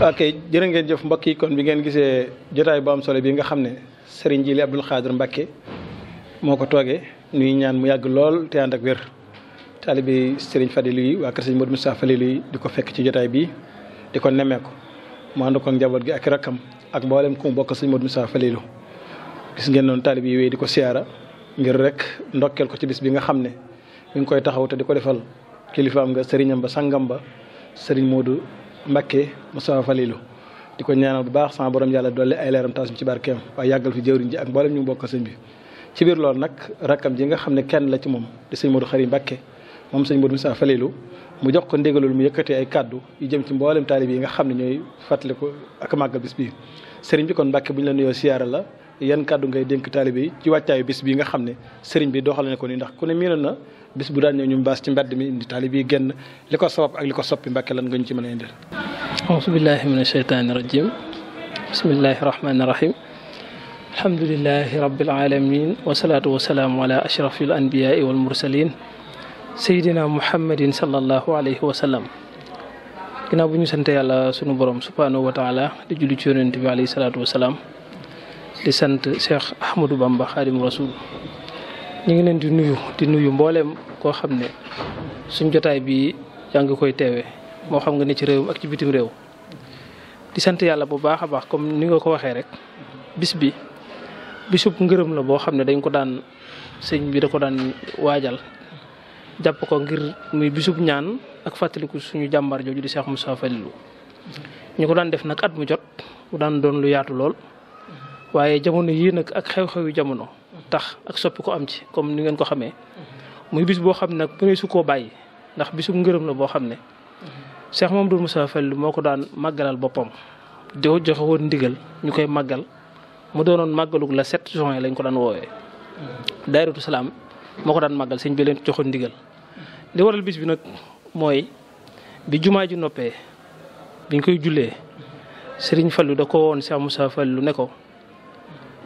waa ok jërë ngeen jëf mbokk yi kon bi ngeen gisee jotaay boo am solo bi nga xam ne Serigne Djily Abdoul Khadr mbakke moo ko toogee nuy ñaan mu yàgg lool te ànd ak wér. taalibi Serigne Fadilou yi waa kër Serigne Modou Moustapha Fadilou yi di ko fekk ci jotaay bi di nemmeeku mu ànd njaboot gi ak rakkam ak mboolem ku mu bokk Serigne Modou Moustapha Fadilou gis ngeen noonu taalib yi wéy di ko siyaara ngir rek ndokkeel ko ci bis bi nga xam ne mi ngi koy taxaw te di ko defal kilifaam nga seriñam ba sangam ba Serigne moodu Mbacke sa Falilou di ko ñaanal bu baax sama borom yàlla doole ay leeram taas bi ci barkeem waaye yàggal fi jëwriñ ji ak mboolem ñu bokk sëñ bi ci biir lool nag rakkam ji nga xam ne kenn la ci moom di sëñ Modou Xari Mbacke moom sëñ Modou Moustapha Falilou mu jox ko ndigalul mu yëkkatee ay kàddu yu jëm ci mboolem taalib yi nga xam ne ñooy fàttaliku ak màggal bi sëriñ bi kon Mbacke bu ñu la nuyoo siyaara la yan kàddu ngay dénk taalibe yi ci wàccaayu bis bi nga xam ne sëriñ bi doxal na ko nii ndax ku ne miinoon na bis bu daan ñëw ñu mbaas ci mbedd mi indi taalibe yi génn li ko sabab ak li ko soppi mbàkke lan nga ñu ci mën a indil auzu billahi min asheytaani rajim bismillahi rahmaani rahim alhamdulilahi rabbil alamin wasalaatu wasalaamu ala ashrafi al anbiyaai wal mursalin sayidina muhammadin sallallahu alayhi wa sallam ginnaaw bu ñu sant yàlla sunu borom subhanahu wa taala di julli ci yonent bi alayhi salaatu wasalaam di sant Cheikh Ahmadou Bamba Xaadimu Rasuul ñu ngi leen di nuyu di nuyu mbooleem koo xam ne suñ jotaay bi yaa ngi koy teewee moo xam nga ne ci réew ak ci bitim réew di sant yàlla bu baax a baax comme ni nga ko waxee rek bis bi bisub ngërëm la boo xam ne dañ ko daan sëñ bi da ko daan waajal jàpp ko ngir muy bisub ñaan ak fàttaliku suñu jàmbaar jooju di seex Moussa Falilou ñu ko daan def nag at mu jot mu daan doon lu yaatu lool waaye jamono yii nag ak xew-xewi jamono tax ak soppi ko am ci comme ni ngeen ko xamee muy bis boo xam ne nag bu ne su koo bàyyi ndax bisu ngërëm la boo xam ne Cheikh Mamadou Moussa Fall moo ko daan màggalal boppam di ko woon ndigal ñu koy màggal mu doonoon màggalug la 7 juin lañ ko daan woowee dayratu salaam moo ko daan màggal sëñ bi leen joxoon ndigal li waral bis bi nag mooy bi jumaa ji noppee biñ koy jullee Serigne Fallou da ko woon Cheikh Moussa lu ne ko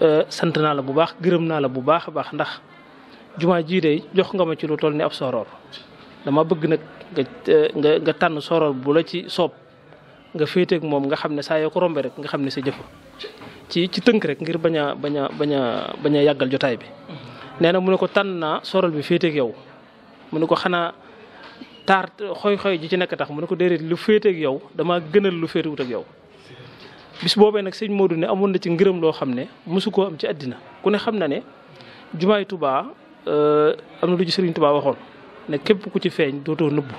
Euh, sant naa la bu baax gërëm naa la bu baax a baax ndax jumaa jii de jox nga ma ci lu toll ni ab soroor dama bëgg nag nga euh, tànn soroor bu la ci soob nga féeteeg moom nga xam ne saa yoo ko rombe rek nga xam ne sa jëfa ci ci tënk rek ngir bañ a bañ a bañ a bañ yàggal jotaay bi nee na mu ne ko tànn naa soroor bi féeteeg yow mu ne ko xanaa taar xooy-xooy ji ci nekk tax mu ne ko déedéet lu féeteeg yow dama gënal lu féetewut ak yow bis boobee nag sëñ Modou ne amoon na ci ngërëm loo xam ne mosu koo am ci àddina ku ne xam na ne jumaay Touba euh, am na lu ci sëriñ Touba waxoon ne képp ku ci feeñ dootoo nëbbu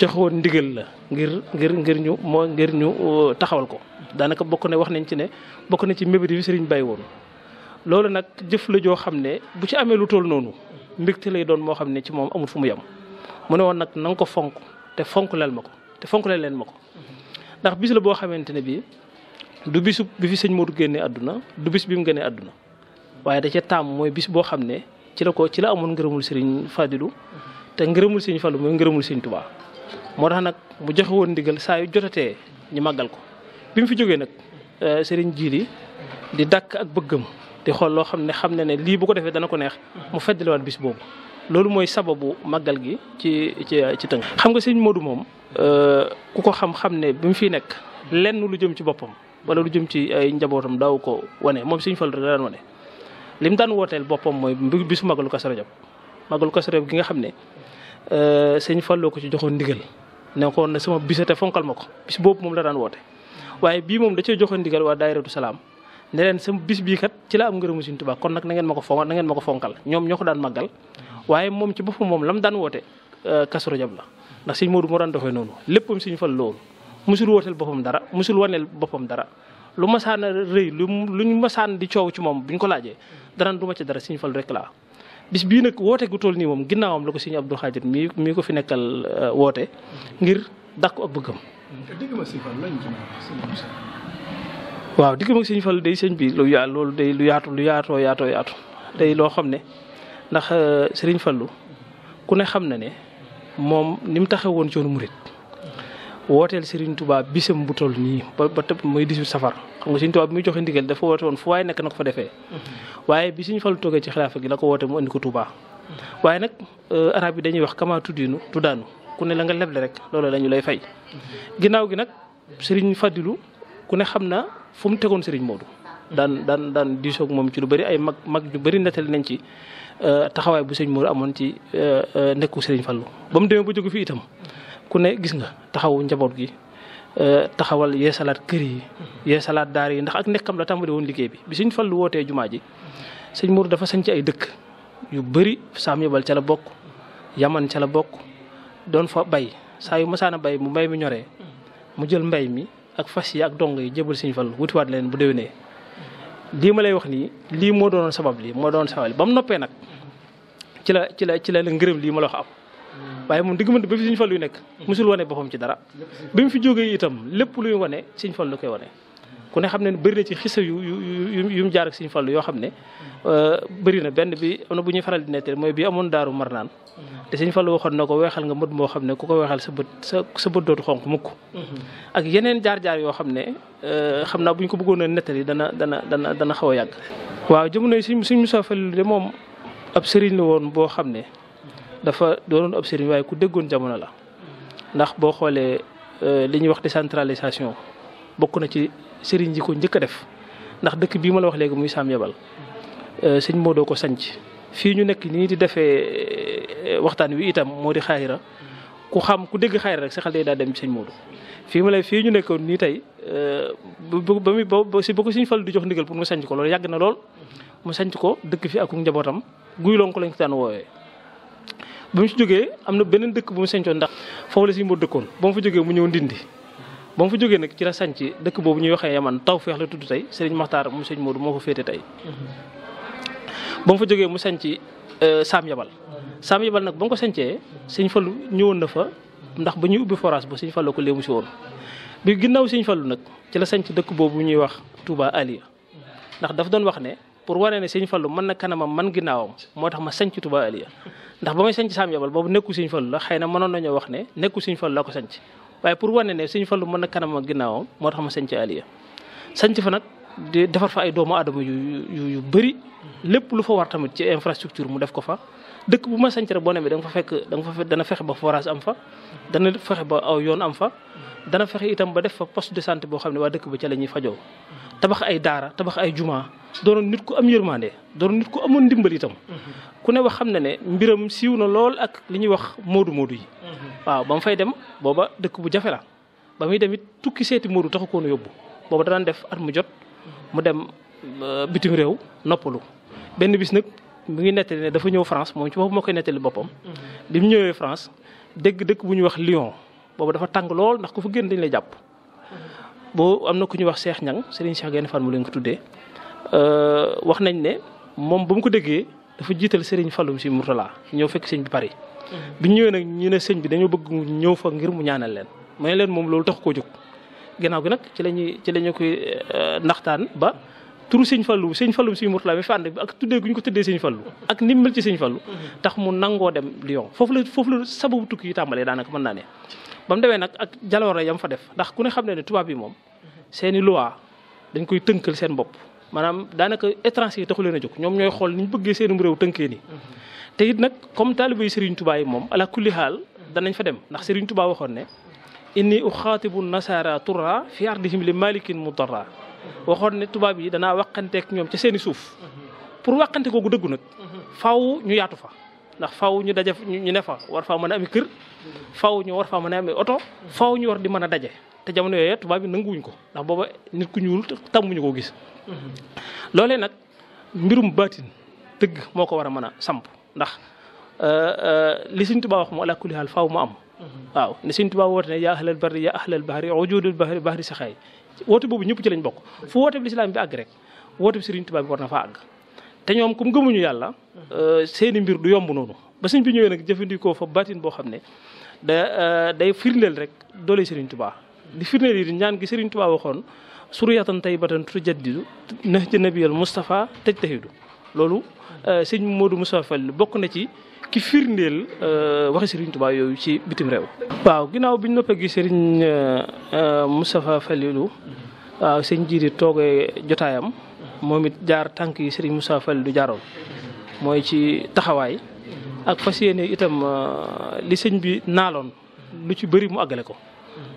joxe woon ndigal la ngir ngir ngir ñu moo ngir ñu euh, taxawal ko daanaka bokk ne wax nañ ci ne bokk na ci mébét yi sëriñ bay woon loolu nag jëf la joo xam ne bu ci amee lu toll noonu mbégte lay doon moo xam ne ci moom amul fu mu yem mu ne woon nag na ko fonk te fonk lal ma ko te fonk leel leen ma ko la du bisu bi fi sëñ Modou génnee àdduna du bis bi mu génnee àdduna waaye da ca taam mooy bis boo xam ne ci la ko ci la amoon ngërëmul sëriñ Fadilou te ngërëmul sëriñ Fadilou mooy ngërëmul sëriñ Touba moo tax nag mu joxe woon ndigal saa yu jotatee ñu màggal ko bi mu fi jógee nag euh, sëriñ Jili di dàkk ak bëggam di xool loo xam ne xam ne ne lii bu ko defee dana ko neex mu feddaliwaat bis boobu loolu mooy sababu màggal gi ci ci ci tënk. xam nga sëriñ Modou moom euh, ku ko xam ne bi mu nekk lenn lu jëm ci boppam. wala lu jëm ci ay njabootam daaw ko wane moom Sëñ Fallu daan wane lim daan wooteel boppam mooy bisu màggalu Kazu Rajab màggalu Kazu Rajab gi nga xam ne euh, Sëñ Fallu ko ci joxoon ndigal ne ko na sama bisate fonkal ma ko bis moom la daan woote waaye bii moom da cee joxoon ndigal waa daayiratu salaam ne leen sama bis bii kat ci la am ngërëmu Sëñ Tuubaa kon nag na ngeen ma ko fon na ngeen ma ko fonkal ñoom ñoo ko daan màggal waaye moom ci boppam moom lam daan woote euh, Kazu Rajab la ndax Sëñ Moodu moo daan doxee noonu léppam Sëñ Fallu loolu musul wóotal boppam dara musul waneel boppam dara lu masaan a rëy lu luñ masaan di coow ci moom buñ ko laajee danañ du ma ci dara Sëñ Fallu rek laa bis bii nag woote gu toll nii moom ginnaawam la ko Sëñ Abdou Khadir mii mii ko fi nekkal euh, woote ngir dàkku ak bëggam. dégg ma Sëñ waaw digg ma Fallu day sëñ bi lu lu yaatu lu yaatoo yaatoo yaatu day loo xam ne ndax euh, Sëriñ Fallu ku ne xam na ne moom ni mu taxewoon ci yoonu murit wooteel Serigne Touba bisam bu toll nii ba ba tëpp muy 18 safar xam nga Serigne Touba bi muy joxe ndigal dafa woote woon fu waaye nekk na ko fa defee. Mhm. waaye bi Serigne Fallou la ko woote mu mhm. euh, ku ne la nga leble rek loolu lañu lay fay. Mhm. ginnaaw gi ku ne xam na fu mu tegoon Serigne Modou. daan daan daan diisoog moom ci lu bëri ay mag mag ñu bëri nettali nañ ci euh, taxawaay bu sëñ Modou amoon ci euh, nekku Serigne Fallou ba mu demee ba jóge fi itam. ku ne gis nga taxawu njaboot gi euh, taxawal yeesalaat kër yi yeesalaat daar yi ndax ak nekkam la tàmbali woon liggéey bi bi suñ fallu wootee jumaa ji sëñ Mourou dafa sañ ci ay dëkk yu bëri saam yebal ca la bokk yaman ca la bokk doon fa bay saa yu masaana bay mu mbay mi ñoree mu jël mbay mi ak fas yi ak dong yi jébal sëñ Fallu wutiwaat leen bu déwénee lii ma lay wax nii lii moo doon sabab lii moo doon sabab lii ba mu noppee nag ci la ci la ci la ngërëm lii ma la waaye moom digg mënte ba fi Sëñ Fallu yu nekk mosul wane boppam ci dara bi mu fi jógee itam lépp luy wane Sëñ Fallu la koy wane ku ne xam ne bëri na ci xisa yu yu yu mu jaar ak Sëñ yoo xam ne euh, bëri na benn bi am na bu ñuy faral di nettali mooy bi amoon daaru mar naan te Sëñ Fallu waxoon na ko weexal nga mbët moo xam ne ku ko weexal sa bët sa sa bët dootu xonq mukk ak yeneen jaar-jaar yoo xam ne euh, xam naa bu ñu ko bëggoon a nettali dana dana dana dana xaw a yàgg waaw jamono yi Sëñ Sëñ Musaa Fallu de moom ab sëriñ la woon boo xam ne dafa doonoon ab sëriñ waaye ku déggoon jamono la ndax boo xoolee euh, li ñu wax décentralisation bokk na ci sëriñ ji ko njëkk def ndax dëkk bii ma la wax léegi muy Sam Yabal euh, sëñ moodoo ko sañc fii ñu nekk nii di defee euh, waxtaan wi itam moo di xaayira xam ku dégg xaayira rek daal dem sëñ Modou fii ma fii ñu nekkoon nii tey ba muy ba si ba ko suñu fal di jox ndigal pour mu sanc ko loolu yàgg na lool mu sanc ko dëkk fi ak njabootam guy lonk ko lañ ko daan woowee ba mu si jógee am na beneen dëkk bu mu sancoon ndax foofu la si moo dëkkoon ba mu fa jógee mu ñëw ndindi ba mu fa jógee nag ci la sanc dëkk boobu ñuy waxee yaman taw feex la tudd tey Serigne Maxtaar mu sëñ moo ko féete tey ba fa jógee mu sanc euh, saam yabal saam yabal nag ba ko sancee sëñ Fallu ñëwoon na fa ndax ba ñuy ubbi forage ba sëñ Fallu ko léemu si woon bi ginnaaw sëñ Fallu nag ci la sanc dëkk boobu ñuy wax tuubaa Aliya ndax daf doon wax ne pour wane ne sëñ Fallu mën na kanamam man ginnaawam moo tax ma sanc Touba Aliya ndax ba may sanc Sam Yabal boobu nekku sëñ Fallu la xëy na mënoon nañoo wax ne nekku sëñ Fallu la ko sanc waaye pour wane ne sëñ Fallu mën na kanamam ginnaawam moo tax ma sanc Aliya sanc fa nag di defar fa ay doomu adama yu yu yu bëri lépp lu fa war tamit ci infrastructure mu def ko fa dëkk bu ma sanc rek boo demee da nga fa fekk da nga fa dana fexe ba forage am fa dana fexe ba yoon am fa dana fexe itam ba def fa poste de santé boo xam ne waa dëkk ba ca la ñuy fajoo doonoon nit ku am yërmande doonoon nit ku amoon ndimbal itam. Mm-hmm. ku ne wax xam na ne mbiram siiw na lool ak li ñuy wax moodu-moodu yi. Mm-hmm. waaw ba mu fay dem booba dëkk bu jafe la ba muy dem it tukki seeti moodu taxu koon yóbbu booba danaan def at mu jot mu dem euh, bitim réew noppalu benn bis nag mu ngi nettali ne dafa ñëw France moom ci boppam moo koy nettali mm-hmm. bi mu ñëwee France dégg dëkk bu ñuy wax Lyon booba dafa tàng lool ndax ku fa génn dañ lay jàpp. boo am na ku ñu wax Cheikh Niang Serigne Cheikh genn fan mu ko tuddee. Euh, wax nañ ne moom ba mu ko déggee dafa jiital sëriñ Falloum si Mourtala ñëw fekk sëñ bi Paris. Mhm. bi ñëwee nag ñu ne sëñ bi dañoo bëgg ñëw fa ngir mu ñaanal leen mu leen moom loolu tax koo jóg. ginnaaw gi nag ci la ñuy ci la ñu koy euh, naxtaan ba turu sëñ Fallu sëñ Fallu suñu Mourtala mi fànn bi ak tuddee gu ñu ko tuddee sëñ Fallu ak ni mel ci sëñ Fallu mhm. tax mu nangoo dem Lyon foofu la foofu la sababu tukki yi tàmbalee daanaka mën naa ne. ba mu demee nag ak jaloore yam fa def ndax ku ne xam ne ne tubaab yi moom mhm. seeni loi dañ koy tënkal seen bopp maanaam daanaka étranger yi taxu leen a jóg ñoom ñooy xool ni ñu bëggee seenum réew tënkee nii. te it nag comme taalibe yi Serigne Touba yi moom ala kulli xaal danañ fa dem ndax Serigne Touba waxoon ne inni uxaatibu nasara turra fi ardihim li malikin mudarra waxoon ne tubaab yi danaa waqanteek ñoom ci seeni suuf pour waqante googu dëggu nag faw ñu yaatu fa ndax faw ñu daje ñu ne fa war faa mën a ami kër faw ñu war faa mën a ami oto faw ñu war di mën a daje te jamono yooyu tubaab bi nanguwuñ ko ndax booba nit ku ñuul tàmmuñu koo gis. loolee nag mbirum baatin dëgg moo ko war a mën a samp ndax euh, euh, li Sëñ Tuubaa wax mu ala kulli haal mu am. waaw ne Sëñ Tuubaa woote ne yaa ahlal barri yaa ahlal bahri ujudul bahri bahri saxaay woote boobu ñëpp ci lañ bokk fu woote bi lislaam bi àgg rek woote bi Sëriñ Tuubaa bi war na faa àgg. te ñoom comme gëmuñu yàlla euh, seeni mbir du yomb noonu ba sëñ bi ñëwee nag jëfandikoo fa baatin boo xam ne day firndeel rek doole Sëriñ di firndeel yi ñaan gi Serigne Touba waxoon suriyatan tayyibatan tujaddidu nahja nabiyal Moustapha tëj taxidu loolu euh, sëñ Modou Moussa Fall bokk na ci ki firndeel euh, waxi Serigne Touba yooyu ci bitim réew. waaw ginnaaw bi ñu noppee gi Serigne euh, Moustapha Fallilu waaw sëñ ji di toogee jotaayam moom it jaar tànk yi Serigne Moussa Fall du jaaroon mooy ci taxawaay ak fas yéene itam li sëñ bi naaloon lu ci bëri mu àggale ko.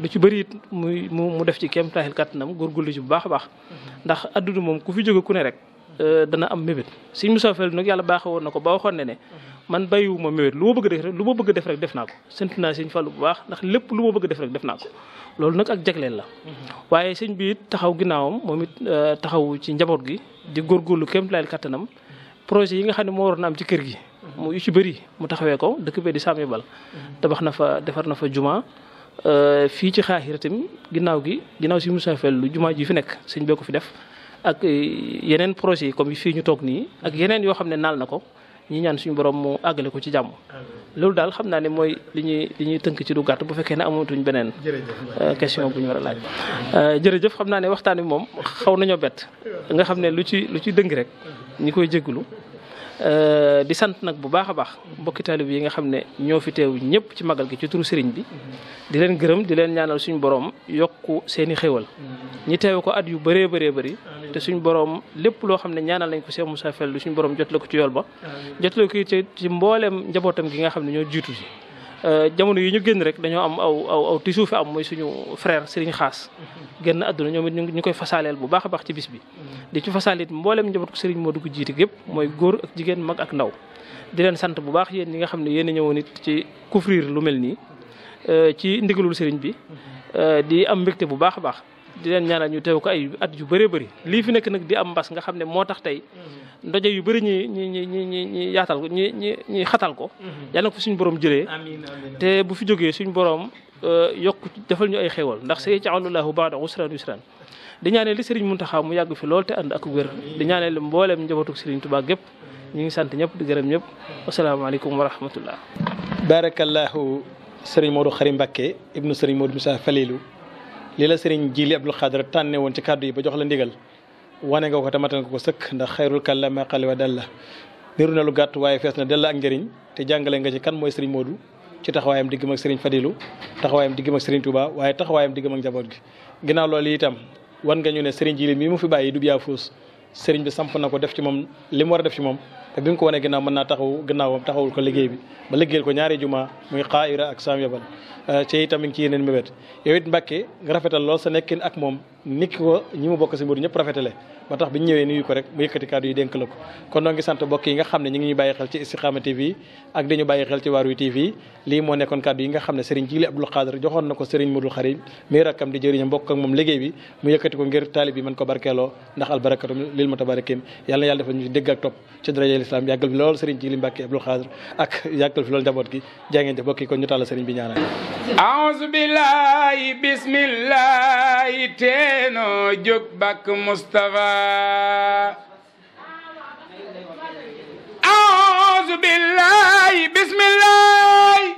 lu ci bëri it muy mu def ci kéem taaxil kàttanam góorgóorlu ci bu baax a baax ndax adduna moom ku fi jóge ku ne rek euh, dana am mébét Sëriñ Musaa Fall yàlla baaxee woon na ko ba waxoon ne ne man bàyyiwuma mébét lu ma bëgg def rek lu ma bëgg def rek def naa ko sant naa Sëriñ Fallu bu baax ndax lépp lu ma bëgg def rek def naa ko loolu nag ak jagleel la waaye sëñ bi it taxaw ginnaawam moom it euh, taxaw ci njaboot gi di góorgóorlu kéem taaxil kàttanam projet yi nga xam ne moo waroon a ci kër gi mu yu ci bëri ko dëkk bee di Sàmmi Euh, fii ci xaaxir tamit ginnaaw gi ginnaaw si Moussa Fall lu jumaa ji fi nekk sëñ bee ko fi def ak eh, yeneen projets yi comme fii ñu toog nii ak yeneen yoo xam ne naal na ko ñi ñaan suñu borom mu àggale ko ci jàmm loolu daal xam naa ne mooy li ñuy li ñuy tënk ci lu gàtt bu fekkee ne amatuñ beneen euh, question bu ñu war a laaj euh, jërëjëf xam naa ne waxtaan wi moom xaw nañoo bett nga xam ne lu ci lu ci dëng rek ñi koy jégalu Euh, di sant nag bu baax a baax mbokki taalib yi nga xam ne ñoo fi teew ñëpp ci magal gi ci turu sëriñ bi di leen gërëm di leen ñaanal suñu boroom yokku seeni xéwal ñi teew ko at yu bëree bëree bëri te suñu borom lépp loo xam ne ñaanal nañ ko Cheikh Moussa Fall lu suñu borom jot la ko ci yool ba jot la ko ci mbooleem njabootam gi nga xam ne ñoo jiitu si Euh, jamono yi ñu génn rek dañoo am aw aw aw tisuu fi am mooy suñu frère Serigne Xaas génn àdduna ñoom it ñu ñu koy fasaaleel bu baax a baax ci bis bi di ci fasaal it mbooleem njabootu Serigne Modou ko jiite gépp mooy góor ak jigéen mag ak ndaw di leen sant bu baax yéen ñi nga xam ne yéen a ñëwoon it ci couvrir lu mel nii euh, ci ndigalul Serigne bi euh, di am mbégte bu baax a baax di leen ñaanal ñu teew ko ay at yu bëree bëri lii fi nekk nag di am mbas nga xam ne moo tax tey ndoje yu bëri ñi ñi ñi ñi ñi ñi ko ñi ñi ñi xatal ko mhm. yàlla na ko suñu borom jëlee te bu fi jógee suñu borom euh, yokk defal ñu ay xéewal ndax sa yaj'alullaahu ba'da usran yusran di ñaanee li mun Mountakha mu yàgg fi lool te ànd ak wér di ñaanee li mbooleem njabootu Serigne Touba gépp ñu ngi sant ñëpp di gërëm ñëpp asalaamaaleykum wa rahmatullah barakallahu Serigne Modou Khary Mbacké ibnu Serigne Modou Moussa Falilou li la sëriñ Jili Abdul Xaadir tànne woon ci kàddu yi ba jox la ndigal wane nga ko tamatal nga ko sëkk ndax xayrul kàllaama xali wa dalla niru na lu gàtt waaye fees na della ak njëriñ te jàngale nga ci kan mooy sëriñ Modou ci taxawaayam diggam ak sëriñ Fadilu taxawaayam diggam ak sëriñ Touba waaye taxawaayam diggam ak njaboot gi ginnaaw loolu itam wan nga ñu ne sëriñ Jili mii mu fi bàyyi du biyaa fuus sëriñ bi samp na ko def ci moom li mu war a def ci te bi mu ko wanee na mën naa taxaw ginnaawam taxawul ko liggéey bi ba liggéeyal ko ñaari juma muy xaayira ak saam yabal eh, ci itam mi ngi ci yeneen mébét rafetal lool sa nekkin ak moom niki ko ñi mu bokk si mbir ñëpp rafetale ba tax bi ñu ñëwee nuyu ko rek mu yëkkati kàddu yi dénk la ko kon noo ngi sant mbokk nga xam ne ñu ngi ñuy bàyyi xel ci Istikhama TV ak dañu bàyyi xel ci waar wi TV lii moo nekkoon kàddu yi nga xam ne Serigne Jili Abdou Khadre joxoon na ko Serigne Modou Xarit mi rakkam di jëriñam bokk ak moom liggéey bi mu yëkkati ko ngir taalib yi mën ko barkeeloo ndax albarakatu lil mutabarikin yàlla na yàlla defal noo jóg bàkk Mustafa aouzu billahi bismillahi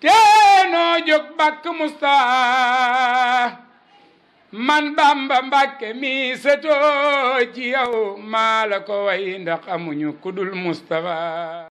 tee noo jóg bàkk Mustafa man Bamba Mbàkke mi satoo ci yow maa la ko way ndax amuñu kudul Mustafa